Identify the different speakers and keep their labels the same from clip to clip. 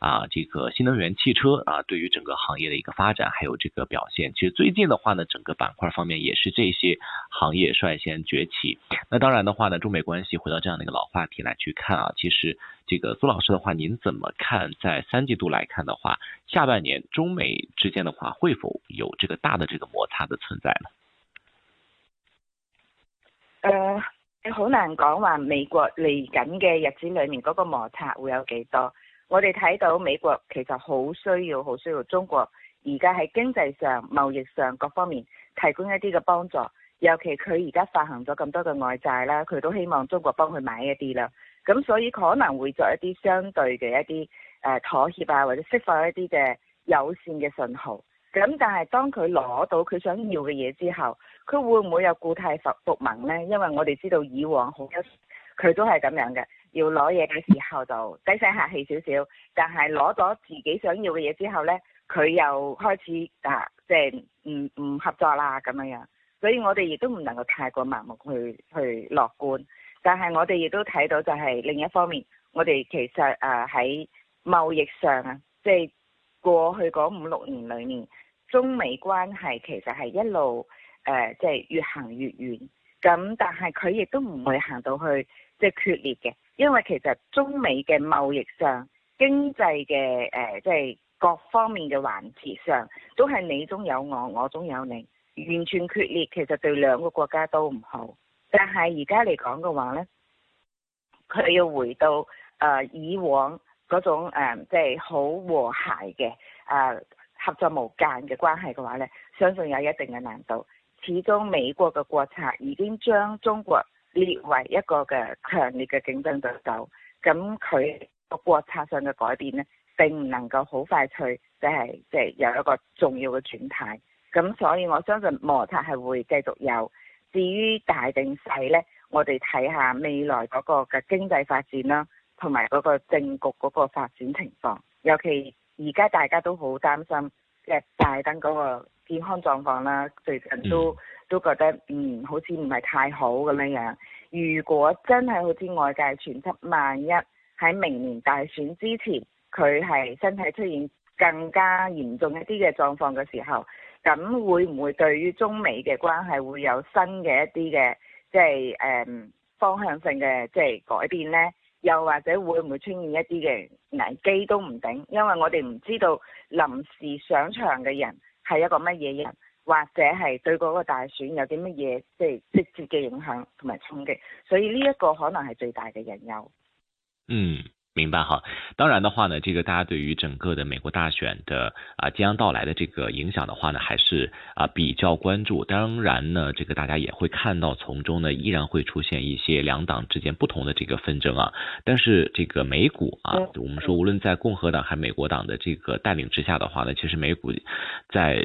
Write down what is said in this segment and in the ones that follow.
Speaker 1: 啊，這個新能源汽車啊，對於整個行業的一個發展，還有這個表現，其實最近的話呢，整個板塊方面也是這些行業率先崛起。那當然的話呢，中美關係回到這樣的一個老話題來去看啊，其實這個蘇老師的話，您怎麼看？在三季度來看的話，下半年中美之間的話，會否有這個大的這個摩擦的存在呢？呃，
Speaker 2: 你好難講話，美國嚟緊嘅日子裏面嗰個摩擦會有幾多？我哋睇到美國其實好需要、好需要中國，而家喺經濟上、貿易上各方面提供一啲嘅幫助。尤其佢而家發行咗咁多嘅外債啦，佢都希望中國幫佢買一啲啦。咁所以可能會作一啲相對嘅一啲誒妥協啊，或者釋放一啲嘅友善嘅信號。咁但係當佢攞到佢想要嘅嘢之後，佢會唔會有故態復萌呢？因為我哋知道以往好多佢都係咁樣嘅。要攞嘢嘅時候就低聲客氣少少，但係攞咗自己想要嘅嘢之後呢，佢又開始啊，即係唔唔合作啦咁樣樣。所以我哋亦都唔能夠太過盲目去去樂觀，但係我哋亦都睇到就係另一方面，我哋其實喺貿易上啊，即係過去嗰五六年裏面，中美關係其實係一路即係越行越遠。咁但係佢亦都唔會行到去即係決裂嘅。因為其實中美嘅貿易上、經濟嘅誒，即、呃、係、就是、各方面嘅環節上，都係你中有我，我中有你，完全決裂，其實對兩個國家都唔好。但係而家嚟講嘅話呢，佢要回到誒、呃、以往嗰種即係好和諧嘅誒、呃、合作無間嘅關係嘅話呢，相信有一定嘅難度。始終美國嘅國策已經將中國列為一個嘅強烈嘅競爭對手，咁佢個國策上嘅改變呢，並唔能夠好快脆，即係即係有一個重要嘅轉態。咁所以我相信摩擦係會繼續有，至於大定細呢，我哋睇下未來嗰個嘅經濟發展啦，同埋嗰個政局嗰個發展情況。尤其而家大家都好擔心即係拜登嗰個健康狀況啦，最近都。嗯都覺得嗯，好似唔係太好咁樣。如果真係好似外界傳出，萬一喺明年大選之前，佢係身體出現更加嚴重一啲嘅狀況嘅時候，咁會唔會對於中美嘅關係會有新嘅一啲嘅，即係誒方向性嘅即係改變呢？又或者會唔會出現一啲嘅危機都唔定，因為我哋唔知道臨時上場嘅人係一個乜嘢人？或者係對嗰個大選有啲乜嘢即係直接嘅影響同埋衝擊，所以呢一個可能係最大嘅隱憂。
Speaker 1: 嗯，明白哈。當然的話呢，這個大家對於整個的美國大選的啊即將到來的這個影響的話呢，還是啊比較關注。當然呢，這個大家也會看到從中呢，依然會出現一些兩黨之間不同的這個紛爭啊。但是這個美股啊，嗯、我們說無論在共和黨還是美國黨的這個帶領之下的話呢，其實美股在。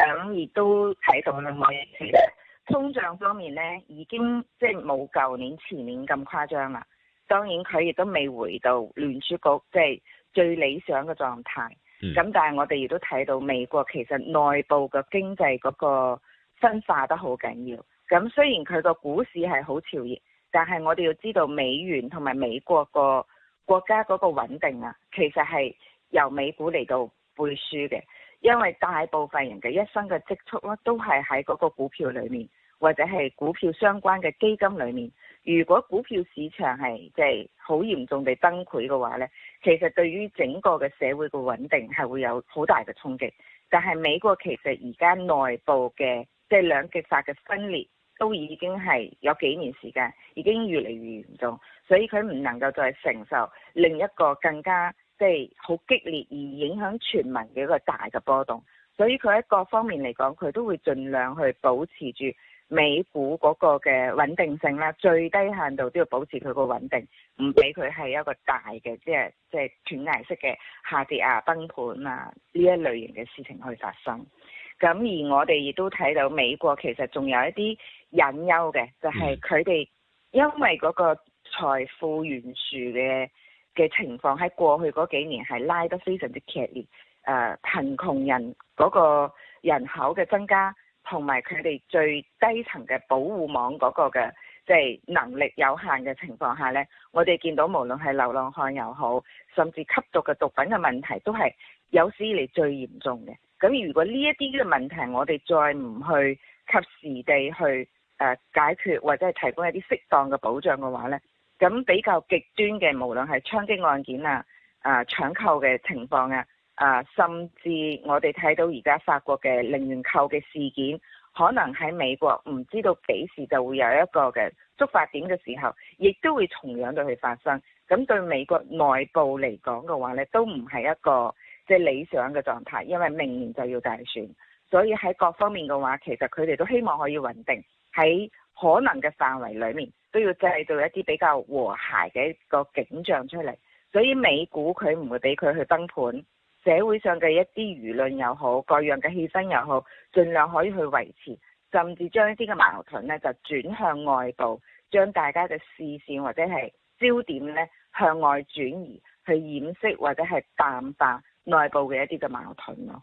Speaker 2: 咁亦都睇到啦，可以。通脹方面呢，已經即係冇舊年、前年咁誇張啦。當然，佢亦都未回到聯儲局即係、就是、最理想嘅狀態。咁、嗯，但係我哋亦都睇到美國其實內部嘅經濟嗰個分化得好緊要。咁雖然佢個股市係好潮熱，但係我哋要知道美元同埋美國個國家嗰個穩定啊，其實係由美股嚟到背書嘅。因為大部分人嘅一生嘅積蓄咧，都係喺嗰個股票裏面，或者係股票相關嘅基金裏面。如果股票市場係即係好嚴重地崩潰嘅話咧，其實對於整個嘅社會嘅穩定係會有好大嘅衝擊。但係美國其實而家內部嘅即係兩極化嘅分裂，都已經係有幾年時間，已經越嚟越嚴重，所以佢唔能夠再承受另一個更加。即係好激烈而影響全民嘅一個大嘅波動，所以佢喺各方面嚟講，佢都會盡量去保持住美股嗰個嘅穩定性啦，最低限度都要保持佢個穩定，唔俾佢係一個大嘅即係即係斷崖式嘅下跌啊、崩盤啊呢一類型嘅事情去發生。咁而我哋亦都睇到美國其實仲有一啲隱憂嘅，就係佢哋因為嗰個財富懸殊嘅。嘅情況喺過去嗰幾年係拉得非常之劇烈，誒、呃、貧窮人嗰個人口嘅增加，同埋佢哋最低層嘅保護網嗰個嘅即係能力有限嘅情況下呢，我哋見到無論係流浪漢又好，甚至吸毒嘅毒品嘅問題都係有史以嚟最嚴重嘅。咁如果呢一啲嘅問題我哋再唔去及時地去、呃、解決，或者係提供一啲適當嘅保障嘅話呢。咁比較極端嘅，無論係槍擊案件啊，啊搶購嘅情況啊，啊甚至我哋睇到而家法國嘅零元購嘅事件，可能喺美國唔知道幾時就會有一個嘅觸發點嘅時候，亦都會同樣對去發生。咁對美國內部嚟講嘅話咧，都唔係一個即係理想嘅狀態，因為明年就要大選，所以喺各方面嘅話，其實佢哋都希望可以穩定喺可能嘅範圍裏面都要製造一啲比較和諧嘅一個景象出嚟，所以美股佢唔會俾佢去崩盤。社會上嘅一啲輿論又好，各樣嘅氣氛又好，盡量可以去維持，甚至將一啲嘅矛盾呢就轉向外部，將大家嘅視線或者係焦點呢向外轉移，去掩飾或者係淡化內部嘅一啲嘅矛盾咯。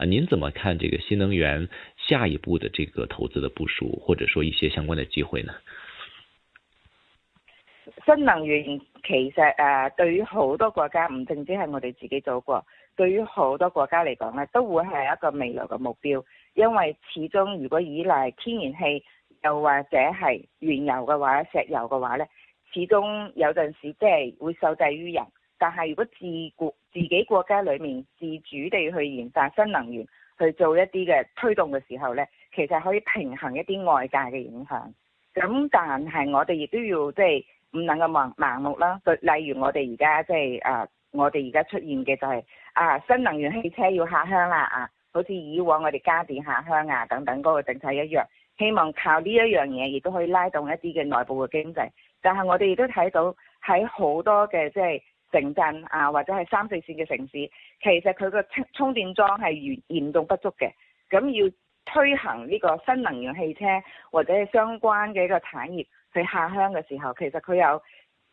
Speaker 1: 您怎麼看這個新能源下一步的這個投資的部署，或者說一些相關的機會呢？
Speaker 2: 新能源其實誒、啊，對於好多國家唔淨止係我哋自己做過，對於好多國家嚟講呢，都會係一個未來嘅目標。因為始終如果依賴天然氣，又或者係原油嘅話，石油嘅話呢，始終有陣時即係會受制於人。但係如果自國自己國家裏面自主地去研發新能源，去做一啲嘅推動嘅時候呢，其實可以平衡一啲外界嘅影響。咁但係我哋亦都要即係唔能夠盲盲目啦。例如我哋而家即係誒，我哋而家出現嘅就係啊，新能源汽車要下鄉啦啊，好似以往我哋家電下鄉啊等等嗰個政策一樣，希望靠呢一樣嘢亦都可以拉動一啲嘅內部嘅經濟。但係我哋亦都睇到喺好多嘅即係。即係城鎮啊，或者係三四線嘅城市，其實佢個充充電樁係嚴重不足嘅。咁要推行呢個新能源汽車或者係相關嘅一個產業去下鄉嘅時候，其實佢有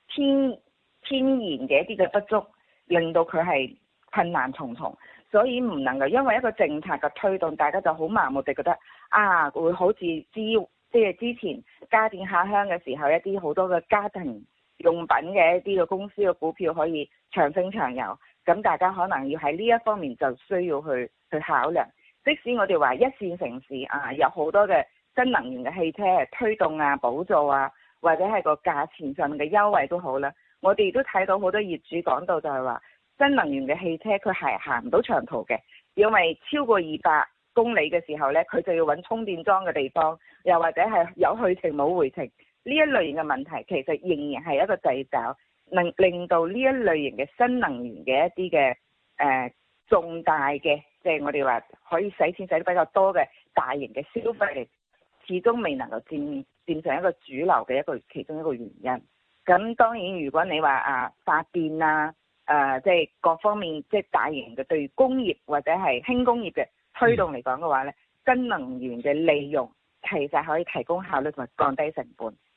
Speaker 2: 天天然嘅一啲嘅不足，令到佢係困難重重。所以唔能夠因為一個政策嘅推動，大家就好盲目地覺得啊，會好似之即係之前家電下鄉嘅時候一啲好多嘅家庭用品嘅一啲嘅公司嘅股票可以長升長有，咁大家可能要喺呢一方面就需要去去考量。即使我哋話一線城市啊，有好多嘅新能源嘅汽車推動啊、補助啊，或者係個價錢上面嘅優惠都好啦。我哋都睇到好多業主講到就係話，新能源嘅汽車佢係行唔到長途嘅，因為超過二百公里嘅時候咧，佢就要揾充電樁嘅地方，又或者係有去程冇回程。呢一類型嘅問題其實仍然係一個製造，能令，令到呢一類型嘅新能源嘅一啲嘅、呃、重大嘅，即係我哋話可以使錢使得比較多嘅大型嘅消費嚟，始終未能夠佔佔上一個主流嘅一個其中一個原因。咁當然，如果你話啊發電啊，誒即係各方面即係大型嘅對工業或者係輕工業嘅推動嚟講嘅話咧，新能源嘅利用其實可以提供效率同埋降低成本。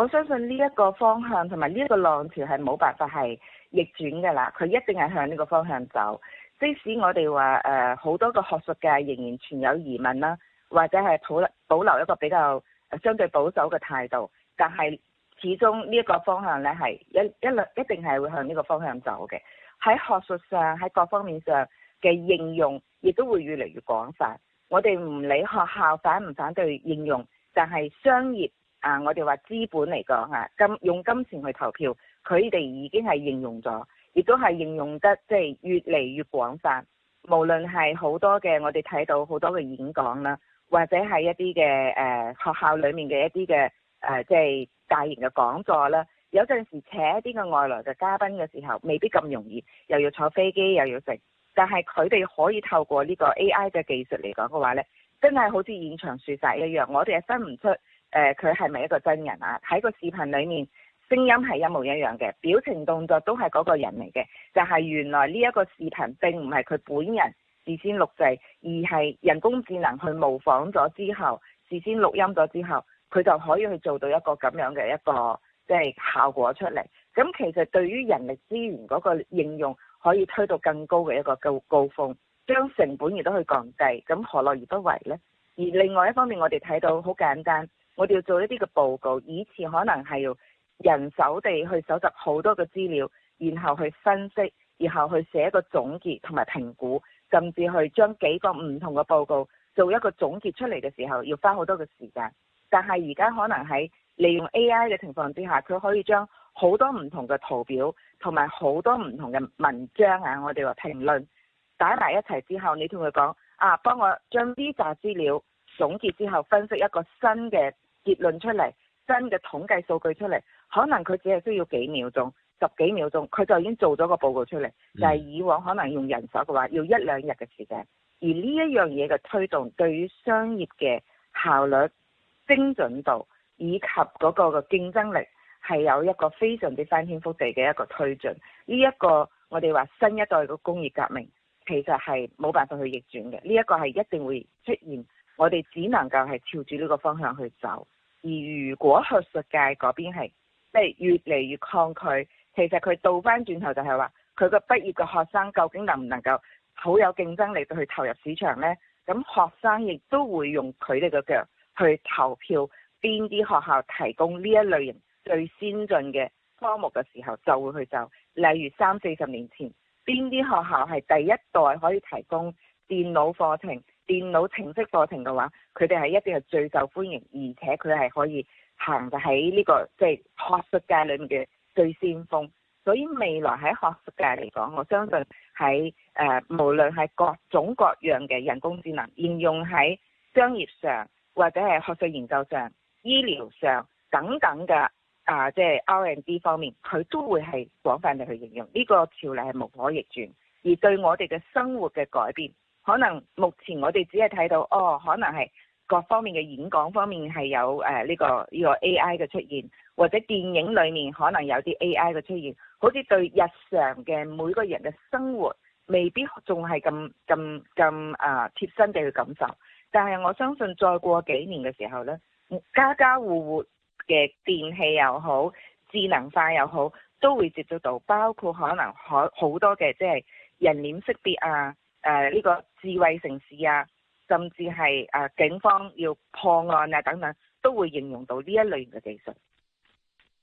Speaker 2: 我相信呢一個方向同埋呢一個浪潮係冇辦法係逆轉㗎啦，佢一定係向呢個方向走。即使我哋話誒好多個學術界仍然存有疑問啦，或者係保留保留一個比較相對保守嘅態度，但係始終呢一個方向咧係一一一定係會向呢個方向走嘅。喺學術上喺各方面上嘅應用亦都會越嚟越廣泛。我哋唔理學校反唔反對應用，但係商業。啊！我哋話資本嚟講，金用金錢去投票，佢哋已經係應用咗，亦都係應用得即係、就是、越嚟越廣泛。無論係好多嘅我哋睇到好多嘅演講啦，或者係一啲嘅誒學校裏面嘅一啲嘅誒即係大型嘅講座啦。有陣時請一啲嘅外來嘅嘉賓嘅時候，未必咁容易，又要坐飛機又要食。但係佢哋可以透過呢個 A I 嘅技術嚟講嘅話呢，真係好似現場傳晒一樣，我哋係分唔出。誒、呃，佢係咪一個真人啊？喺個視頻裏面，聲音係一模一樣嘅，表情動作都係嗰個人嚟嘅。就係、是、原來呢一個視頻並唔係佢本人事先錄製，而係人工智能去模仿咗之後，事先錄音咗之後，佢就可以去做到一個咁樣嘅一個即係、就是、效果出嚟。咁其實對於人力資源嗰個應用，可以推到更高嘅一個高高峰，將成本亦都去降低。咁何樂而不為呢？而另外一方面，我，我哋睇到好簡單。我哋要做一啲嘅報告，以前可能係要人手地去搜集好多嘅資料，然後去分析，然後去寫一個總結同埋評估，甚至去將幾個唔同嘅報告做一個總結出嚟嘅時候，要花好多嘅時間。但係而家可能喺利用 AI 嘅情況之下，佢可以將好多唔同嘅圖表同埋好多唔同嘅文章啊，我哋話評論打埋一齊之後，你同佢講啊，幫我將呢紮資料總結之後分析一個新嘅。結論出嚟，新嘅統計數據出嚟，可能佢只係需要幾秒鐘，十幾秒鐘，佢就已經做咗個報告出嚟，就係、是、以往可能用人手嘅話要一兩日嘅時間，而呢一樣嘢嘅推動，對於商業嘅效率、精準度以及嗰個嘅競爭力，係有一個非常之翻天覆地嘅一個推進。呢、這、一個我哋話新一代嘅工業革命，其實係冇辦法去逆轉嘅，呢、這、一個係一定會出現。我哋只能夠係朝住呢個方向去走，而如果學術界嗰邊係，即係越嚟越抗拒，其實佢倒翻轉頭就係話，佢個畢業嘅學生究竟能唔能夠好有競爭力去投入市場呢？咁學生亦都會用佢哋嘅腳去投票，邊啲學校提供呢一類型最先進嘅科目嘅時候就會去走。例如三四十年前，邊啲學校係第一代可以提供電腦課程。電腦程式課程嘅話，佢哋係一定係最受歡迎，而且佢係可以行喺呢個即係、就是、學術界裏面嘅最先鋒。所以未來喺學術界嚟講，我相信喺誒、呃、無論係各種各樣嘅人工智能應用喺商業上或者係學術研究上、醫療上等等嘅啊即係、就是、R&D 方面，佢都會係廣泛地去應用。呢、這個條例係無可逆轉，而對我哋嘅生活嘅改變。可能目前我哋只係睇到，哦，可能係各方面嘅演講方面係有誒呢個呢個 A I 嘅出現，或者電影裏面可能有啲 A I 嘅出現，好似對日常嘅每個人嘅生活未必仲係咁咁咁誒貼身嘅去感受，但係我相信再過幾年嘅時候咧，家家戶戶嘅電器又好，智能化又好，都會接觸到，包括可能可好多嘅即係人臉識別啊，誒呢個。智慧城市啊，甚至係誒警方要破案啊等等，都會應用到呢一類型嘅技術。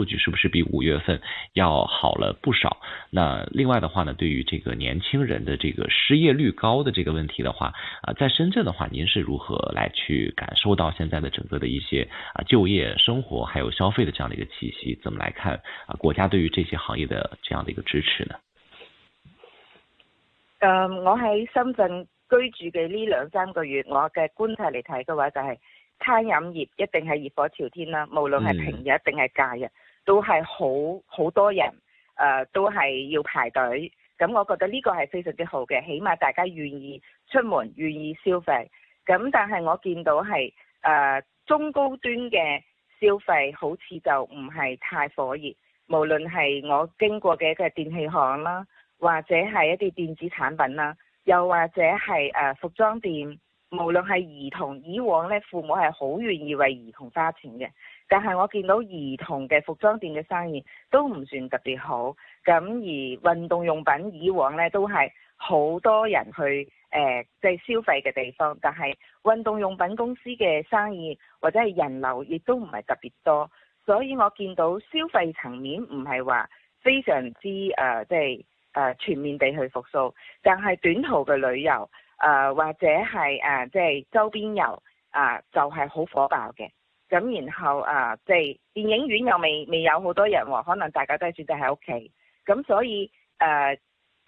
Speaker 1: 數據是不是比五月份要好了不少？那另外的話呢，對於這個年輕人的這個失業率高的這個問題的話，啊，在深圳的話，您是如何來去感受到現在的整個的一些啊就業、生活還有消費的這樣的一個氣息？怎麼來看啊？國家對於這些行業的這樣的一個支持呢？呃、
Speaker 2: 嗯，我喺深圳居住嘅呢兩三個月，我嘅觀察嚟睇嘅話、就是，就係餐飲業一定係熱火朝天啦、啊，無論係平日定係假日。都係好好多人，誒、呃、都係要排隊，咁我覺得呢個係非常之好嘅，起碼大家願意出門，願意消費。咁但係我見到係誒、呃、中高端嘅消費好似就唔係太火熱，無論係我經過嘅一個電器行啦，或者係一啲電子產品啦，又或者係誒、呃、服裝店，無論係兒童，以往呢父母係好願意為兒童花錢嘅。但係我見到兒童嘅服裝店嘅生意都唔算特別好，咁而運動用品以往呢，都係好多人去誒即係消費嘅地方，但係運動用品公司嘅生意或者係人流亦都唔係特別多，所以我見到消費層面唔係話非常之誒即係誒全面地去復甦，但係短途嘅旅遊誒、呃、或者係誒即係周邊遊啊、呃、就係、是、好火爆嘅。咁然後啊，即係電影院又未未有好多人喎，可能大家都係選擇喺屋企。咁所以誒，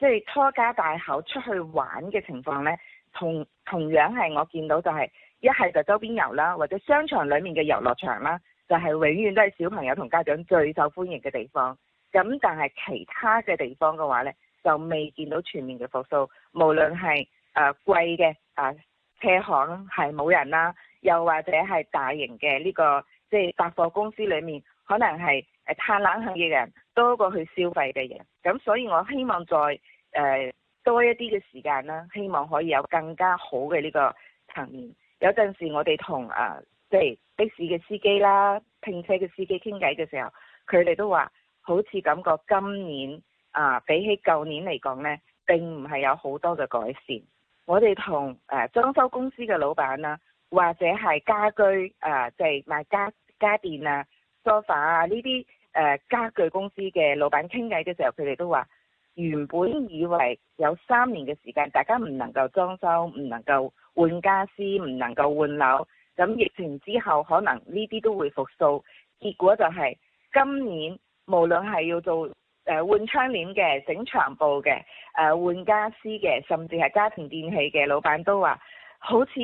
Speaker 2: 即係拖家帶口出去玩嘅情況呢，同同樣係我見到就係一係就周邊遊啦，或者商場裏面嘅遊樂場啦，就係永遠都係小朋友同家長最受歡迎嘅地方。咁但係其他嘅地方嘅話呢，就未見到全面嘅復甦，無論係誒貴嘅啊車行係冇人啦。又或者係大型嘅呢、這個即係、就是、百貨公司裏面，可能係誒嘆冷氣嘅人多過去消費嘅人。咁所以我希望再誒、呃、多一啲嘅時間啦，希望可以有更加好嘅呢個層面。有陣時我哋同啊即係的士嘅司機啦、拼車嘅司機傾偈嘅時候，佢哋都話好似感覺今年啊、呃、比起舊年嚟講呢，並唔係有好多嘅改善。我哋同誒裝修公司嘅老闆啦，或者係家居啊，即係賣家家電啊、梳化啊呢啲誒傢俱公司嘅老闆傾偈嘅時候，佢哋都話，原本以為有三年嘅時間，大家唔能夠裝修、唔能夠換家私、唔能夠換樓，咁疫情之後可能呢啲都會復甦，結果就係今年無論係要做誒換窗簾嘅、整牆布嘅、誒、呃、換家私嘅，甚至係家庭電器嘅老闆都話，好似～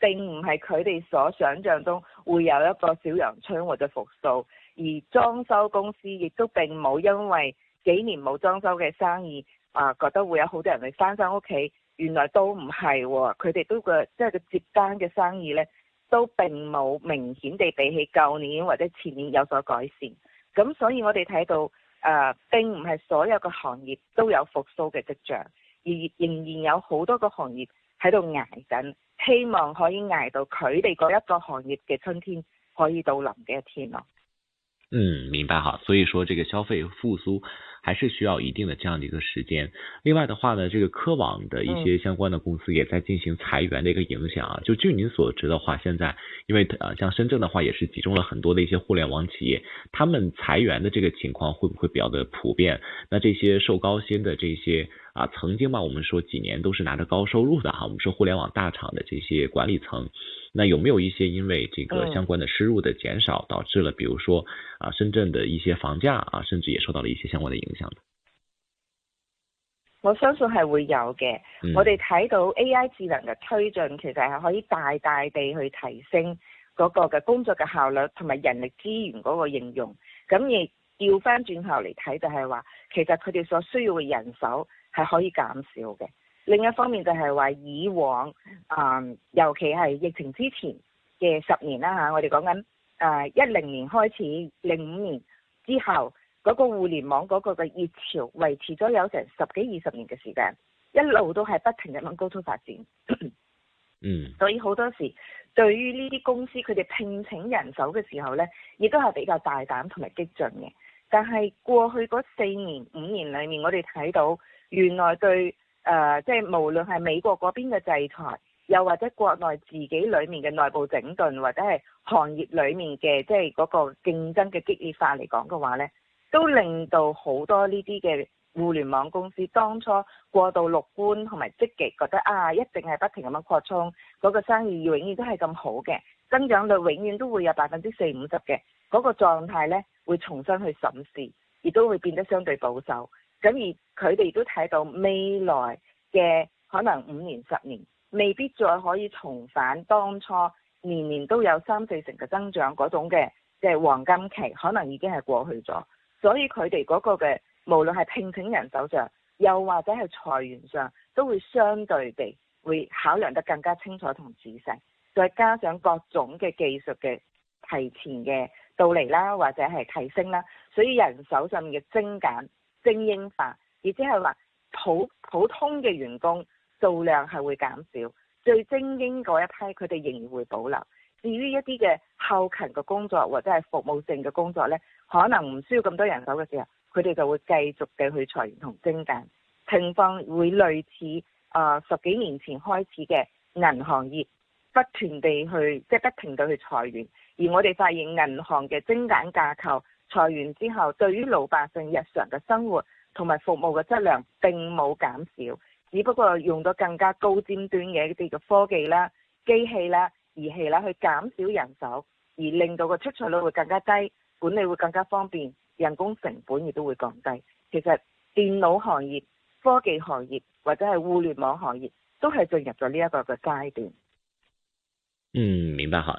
Speaker 2: 並唔係佢哋所想象中會有一個小陽春或者復甦，而裝修公司亦都並冇因為幾年冇裝修嘅生意啊，覺得會有好多人嚟翻新屋企，原來都唔係喎，佢哋都個即係個接單嘅生意呢，都並冇明顯地比起舊年或者前年有所改善。咁所以我哋睇到誒、啊、並唔係所有嘅行業都有復甦嘅跡象，而仍然有好多個行業喺度捱緊。希望可以捱到佢哋嗰一個行業嘅春天可以到臨嘅一天
Speaker 1: 咯。嗯，明白哈。所以說這個消費復蘇還是需要一定的這樣的一個時間。另外的話呢，這個科網的一些相關的公司也在進行裁員的一個影響啊。嗯、就據您所知的話，現在因為呃，像深圳的話也是集中了很多的一些互聯網企業，他們裁員的這個情況會不會比較的普遍？那這些受高薪的這些。啊，曾經嘛，我們說幾年都是拿着高收入的哈、啊。我們說互聯網大廠的這些管理層，那有沒有一些因為這個相關的收入的減少，嗯、導致了，比如說啊，深圳的一些房價啊，甚至也受到了一些相關的影響的？
Speaker 2: 我相信係會有嘅、嗯。我哋睇到 A I 智能嘅推進，其實係可以大大地去提升嗰個嘅工作嘅效率，同埋人力資源嗰個應用。咁而調翻轉頭嚟睇，就係話，其實佢哋所需要嘅人手。係可以減少嘅。另一方面就係話，以往啊、呃，尤其係疫情之前嘅十年啦嚇、啊，我哋講緊誒一零年開始零五年之後嗰、嗰個互聯網嗰個嘅熱潮，維持咗有成十幾二十年嘅時間，一路都係不停咁樣往高處發展。嗯。所以好多時對於呢啲公司，佢哋聘請人手嘅時候呢，亦都係比較大膽同埋激進嘅。但係過去嗰四年五年裡面，我哋睇到。原來對誒，即、呃、係、就是、無論係美國嗰邊嘅制裁，又或者國內自己裏面嘅內部整頓，或者係行業裏面嘅即係嗰個競爭嘅激烈化嚟講嘅話呢，都令到好多呢啲嘅互聯網公司當初過度樂觀同埋積極，積極覺得啊，一定係不停咁樣擴充嗰個生意永遠都係咁好嘅，永遠都係咁好嘅增長率，永遠都會有百分之四五十嘅嗰個狀態呢，會重新去審視，亦都會變得相對保守。咁而佢哋都睇到未來嘅可能五年十年未必再可以重返當初年年都有三四成嘅增長嗰種嘅嘅、即係、黃金期，可能已經係過去咗。所以佢哋嗰個嘅無論係聘請人手上，又或者係裁員上，都會相對地會考量得更加清楚同仔細，再加上各種嘅技術嘅提前嘅到嚟啦，或者係提升啦，所以人手上面嘅精簡。精英化，亦即係話普普通嘅員工數量係會減少，最精英嗰一批佢哋仍然會保留。至於一啲嘅後勤嘅工作，或者係服務性嘅工作呢，可能唔需要咁多人手嘅時候，佢哋就會繼續地去裁員同精簡，情況會類似啊、呃、十幾年前開始嘅銀行業不斷地去即係、就是、不停地去裁員，而我哋發現銀行嘅精簡架構。裁員之後，對於老百姓日常嘅生活同埋服務嘅質量並冇減少，只不過用咗更加高尖端嘅一啲嘅科技啦、機器啦、儀器啦去減少人手，而令到個出錯率會更加低，管理會更加方便，人工成本亦都會降低。其實電腦行業、科技行業或者係互聯網行業都係進入咗呢一個嘅階段。
Speaker 1: 嗯，明白哈。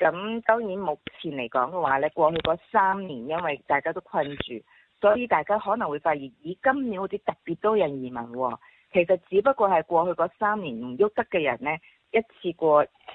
Speaker 2: 咁當然目前嚟講嘅話咧，過去嗰三年因為大家都困住，所以大家可能會發現，以今年好似特別多人移民喎、哦，其實只不過係過去嗰三年唔喐得嘅人咧，一次過誒喺、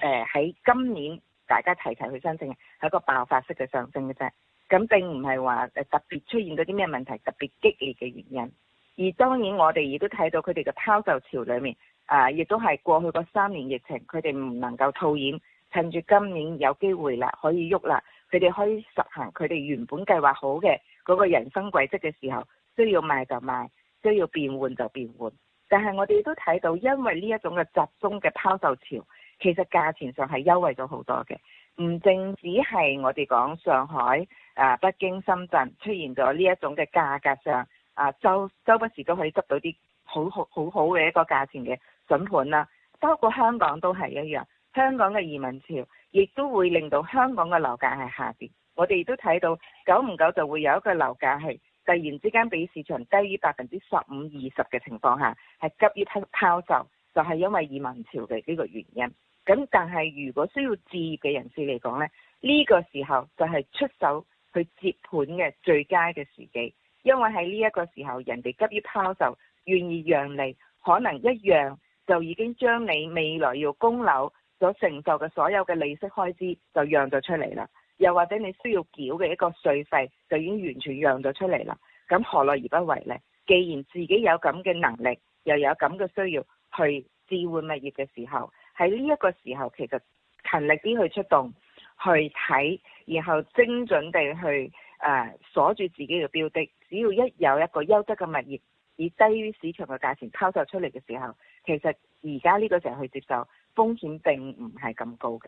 Speaker 2: 呃、今年大家齊齊去申請係一個爆發式嘅上升嘅啫。咁並唔係話誒特別出現嗰啲咩問題，特別激烈嘅原因。而當然我哋亦都睇到佢哋嘅拋售潮裡面，誒、呃、亦都係過去嗰三年疫情，佢哋唔能夠套現。趁住今年有機會啦，可以喐啦，佢哋可以實行佢哋原本計劃好嘅嗰個人生軌跡嘅時候，需要賣就賣，需要變換就變換。但係我哋都睇到，因為呢一種嘅集中嘅拋售潮，其實價錢上係優惠咗好多嘅。唔淨只係我哋講上海、誒、啊、北京、深圳出現咗呢一種嘅價格上，啊周周不時都可以執到啲好好好好嘅一個價錢嘅筍盤啦，包括香港都係一樣。香港嘅移民潮，亦都會令到香港嘅樓價係下跌。我哋都睇到，久唔久就會有一個樓價係突然之間比市場低於百分之十五、二十嘅情況下，係急於拋售，就係因為移民潮嘅呢個原因。咁但係如果需要置業嘅人士嚟講呢，呢個時候就係出手去接盤嘅最佳嘅時機，因為喺呢一個時候，人哋急於拋售，願意讓利，可能一讓就已經將你未來要供樓所承受嘅所有嘅利息開支就讓咗出嚟啦，又或者你需要繳嘅一個稅費就已經完全讓咗出嚟啦。咁何樂而不為咧？既然自己有咁嘅能力，又有咁嘅需要去置換物業嘅時候，喺呢一個時候其實勤力啲去出動去睇，然後精準地去誒鎖住自己嘅標的。只要一有一個優質嘅物業以低於市場嘅價錢拋售出嚟嘅時候，其實而家呢個時候去接受。風險
Speaker 1: 並唔係咁高嘅。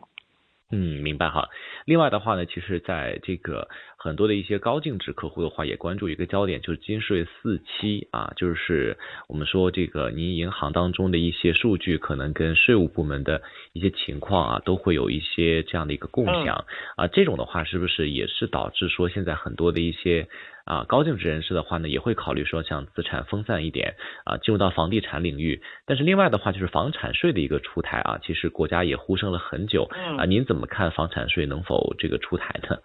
Speaker 1: 嗯，明白哈。另外的話呢，其實在這個很多的一些高淨值客戶的話，也關注一個焦點，就是金稅四期啊，就是我們說這個您銀行當中的一些數據，可能跟稅務部門的一些情況啊，都會有一些這樣的一個共享、嗯、啊。這種的話，是不是也是導致說現在很多的一些。啊，高淨值人士的話呢，也會考慮說，像資產分散一點啊，進入到房地產領域。但是另外的話，就是房產稅的一個出台啊，其實國家也呼聲了很久、嗯、啊。您怎麼看房產稅能否這個出台呢？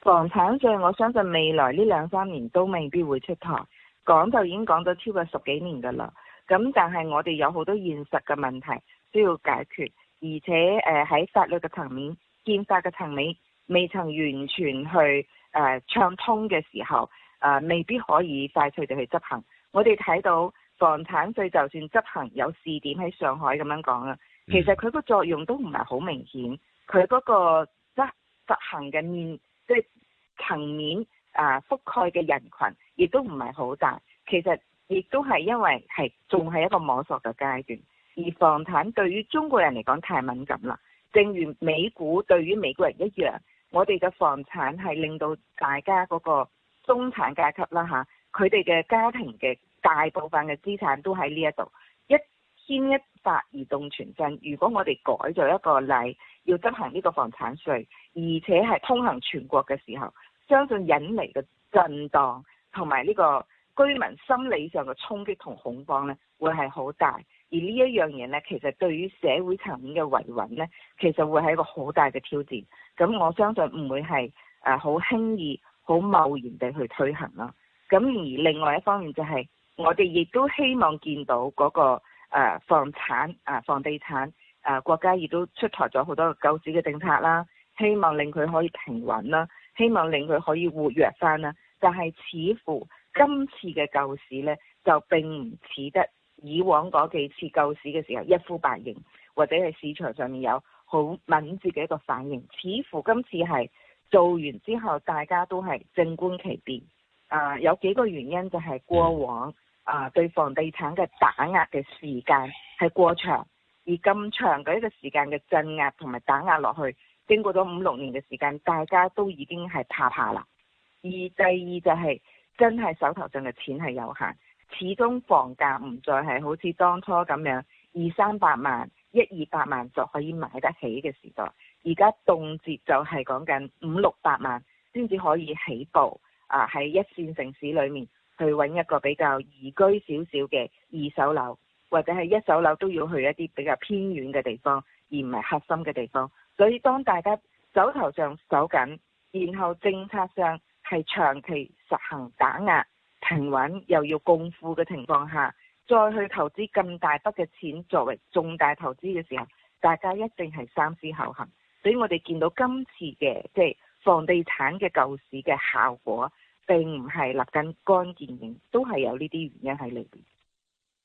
Speaker 2: 房產稅我相信未來呢兩三年都未必會出台，講就已經講到超過十幾年㗎喇。咁但係我哋有好多現實嘅問題需要解決，而且誒喺、呃、法律嘅層面、建法嘅層面。未曾完全去誒暢、呃、通嘅時候，誒、呃、未必可以快速地去執行。我哋睇到房產稅就算執行有試點喺上海咁樣講啦，其實佢個作用都唔係好明顯，佢嗰個執執行嘅面即係、就是、層面啊、呃、覆蓋嘅人群亦都唔係好大。其實亦都係因為係仲係一個摸索嘅階段，而房產對於中國人嚟講太敏感啦，正如美股對於美國人一樣。我哋嘅房產係令到大家嗰個中產階級啦嚇，佢哋嘅家庭嘅大部分嘅資產都喺呢一度。一牽一髮而動全身，如果我哋改咗一個例，要執行呢個房產稅，而且係通行全國嘅時候，相信引嚟嘅震盪同埋呢個居民心理上嘅衝擊同恐慌呢，會係好大。而呢一樣嘢呢，其實對於社會層面嘅維穩呢，其實會係一個好大嘅挑戰。咁我相信唔會係誒好輕易、好貿然地去推行啦。咁而另外一方面就係、是，我哋亦都希望見到嗰、那個、啊、房產啊、房地產誒、啊、國家亦都出台咗好多救市嘅政策啦，希望令佢可以平穩啦，希望令佢可以活躍返啦。但係似乎今次嘅救市呢，就並唔似得。以往嗰幾次救市嘅時候，一呼百應，或者係市場上面有好敏捷嘅一個反應，似乎今次係做完之後大家都係靜觀其變。啊，有幾個原因就係過往啊對房地產嘅打壓嘅時間係過長，而咁長嘅一個時間嘅鎮壓同埋打壓落去，經過咗五六年嘅時間，大家都已經係怕怕啦。而第二就係、是、真係手頭上嘅錢係有限。始終房價唔再係好似當初咁樣二三百萬、一二百萬就可以買得起嘅時代，而家動輒就係講緊五六百萬先至可以起步。啊，喺一線城市裏面去搵一個比較宜居少少嘅二手樓，或者係一手樓都要去一啲比較偏遠嘅地方，而唔係核心嘅地方。所以當大家手頭上手緊，然後政策上係長期實行打壓，平穩又要共富嘅情況下，再去投資咁大筆嘅錢作為重大投資嘅時候，大家一定係三思後行。所以我哋見到今次嘅即係房地產嘅救市嘅效果，並唔係立竿見影，都係有呢啲原因喺裏邊。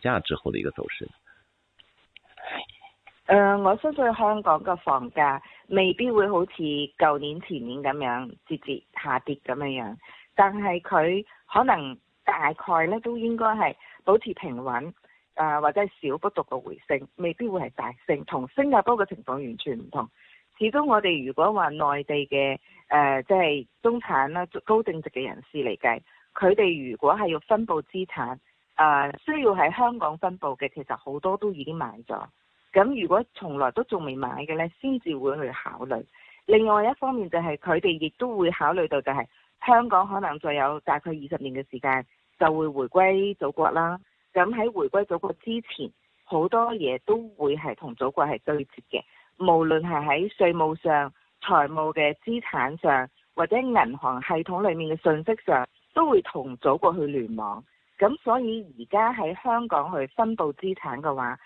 Speaker 1: 價之後的一個走勢。誒、
Speaker 2: 呃，我相信香港嘅房價未必會好似舊年、前年咁樣節節下跌咁樣樣，但係佢可能大概咧都應該係保持平穩，誒、呃、或者係小幅度嘅回升，未必會係大升，同新加坡嘅情況完全唔同。始終我哋如果話內地嘅誒即係中產啦、高淨值嘅人士嚟計，佢哋如果係要分佈資產。啊，需要喺香港分佈嘅，其實好多都已經買咗。咁如果從來都仲未買嘅呢，先至會去考慮。另外一方面就係佢哋亦都會考慮到、就係，就係香港可能再有大概二十年嘅時間就會回歸祖國啦。咁喺回歸祖國之前，好多嘢都會係同祖國係對接嘅，無論係喺稅務上、財務嘅資產上，或者銀行系統裡面嘅信息上，都會同祖國去聯網。咁所以而家喺香港去分佈資產嘅話，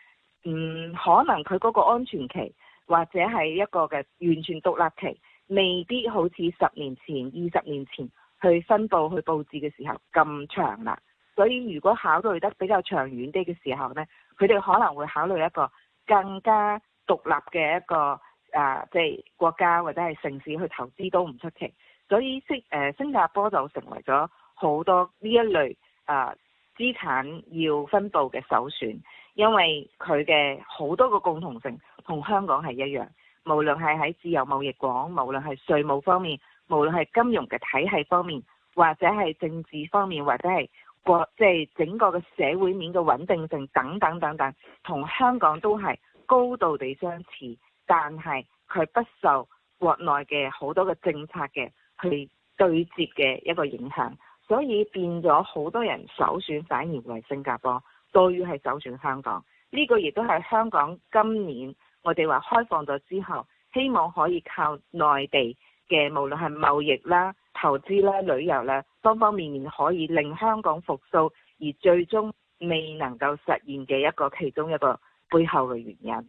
Speaker 2: 嗯，可能佢嗰個安全期或者係一個嘅完全獨立期，未必好似十年前、二十年前去分佈去佈置嘅時候咁長啦。所以如果考慮得比較長遠啲嘅時候呢，佢哋可能會考慮一個更加獨立嘅一個啊，即係國家或者係城市去投資都唔出奇。所以誒新加坡就成為咗好多呢一類啊資產要分佈嘅首選，因為佢嘅好多個共同性同香港係一樣，無論係喺自由貿易港，無論係稅務方面，無論係金融嘅體系方面，或者係政治方面，或者係國即係整個嘅社會面嘅穩定性等等等等，同香港都係高度地相似，但係佢不受國內嘅好多嘅政策嘅去對接嘅一個影響。所以變咗好多人首選反而為新加坡，多於係首選香港。呢個亦都係香港今年我哋話開放咗之後，希望可以靠內地嘅無論係貿易啦、投資啦、旅遊啦，方方面面可以令香港復蘇，而最終未能夠實現嘅一個其中一個背後嘅原因。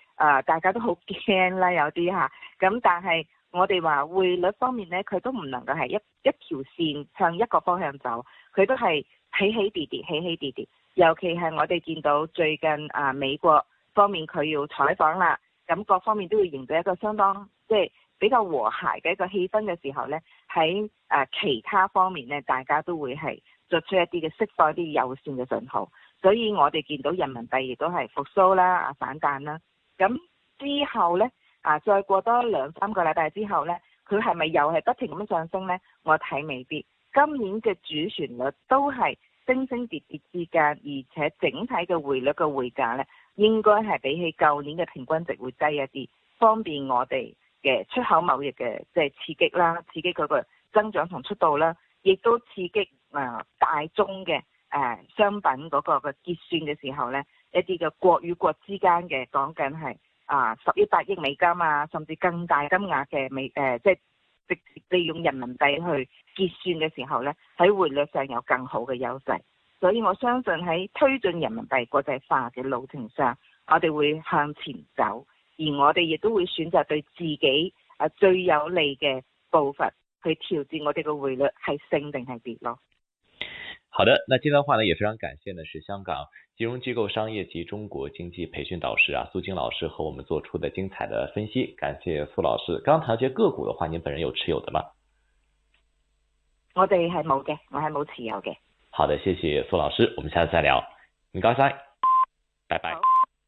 Speaker 2: 啊、呃！大家都好驚啦，有啲嚇咁，但係我哋話匯率方面呢，佢都唔能夠係一一條線向一個方向走，佢都係起起跌跌，起起跌跌。尤其係我哋見到最近啊、呃、美國方面佢要採訪啦，咁各方面都會營造一個相當即係、就是、比較和諧嘅一個氣氛嘅時候呢。喺、呃、其他方面呢，大家都會係作出一啲嘅釋放一啲友善嘅訊號，所以我哋見到人民幣亦都係復甦啦、啊反彈啦。咁之後呢，啊，再過多兩三個禮拜之後呢，佢係咪又係不停咁樣上升呢？我睇未必。今年嘅主旋律都係升升跌跌之間，而且整體嘅匯率嘅匯價呢，應該係比起舊年嘅平均值會低一啲，方便我哋嘅出口貿易嘅即係刺激啦，刺激佢個增長同速度啦，亦都刺激啊大宗嘅誒商品嗰個嘅結算嘅時候呢。一啲嘅國與國之間嘅講緊係啊，十億百億美金啊，甚至更大金額嘅美誒，即係直接利用人民幣去結算嘅時候咧，喺匯率上有更好嘅優勢。所以我相信喺推進人民幣國際化嘅路程上，我哋會向前走，而我哋亦都會選擇對自己誒最有利嘅步伐去調節我哋嘅匯率係升定係跌咯。
Speaker 1: 好的，那今天話呢，也非常感謝呢，是香港。金融機構商業及中國經濟培訓導師啊，蘇菁老師和我們做出的精彩的分析，感謝蘇老師。剛剛談及個股的話，您本人有持有的嗎？
Speaker 2: 我哋係冇嘅，我係冇持有嘅。
Speaker 1: 好的，謝謝蘇老師，我們下次再聊。唔該晒，拜拜。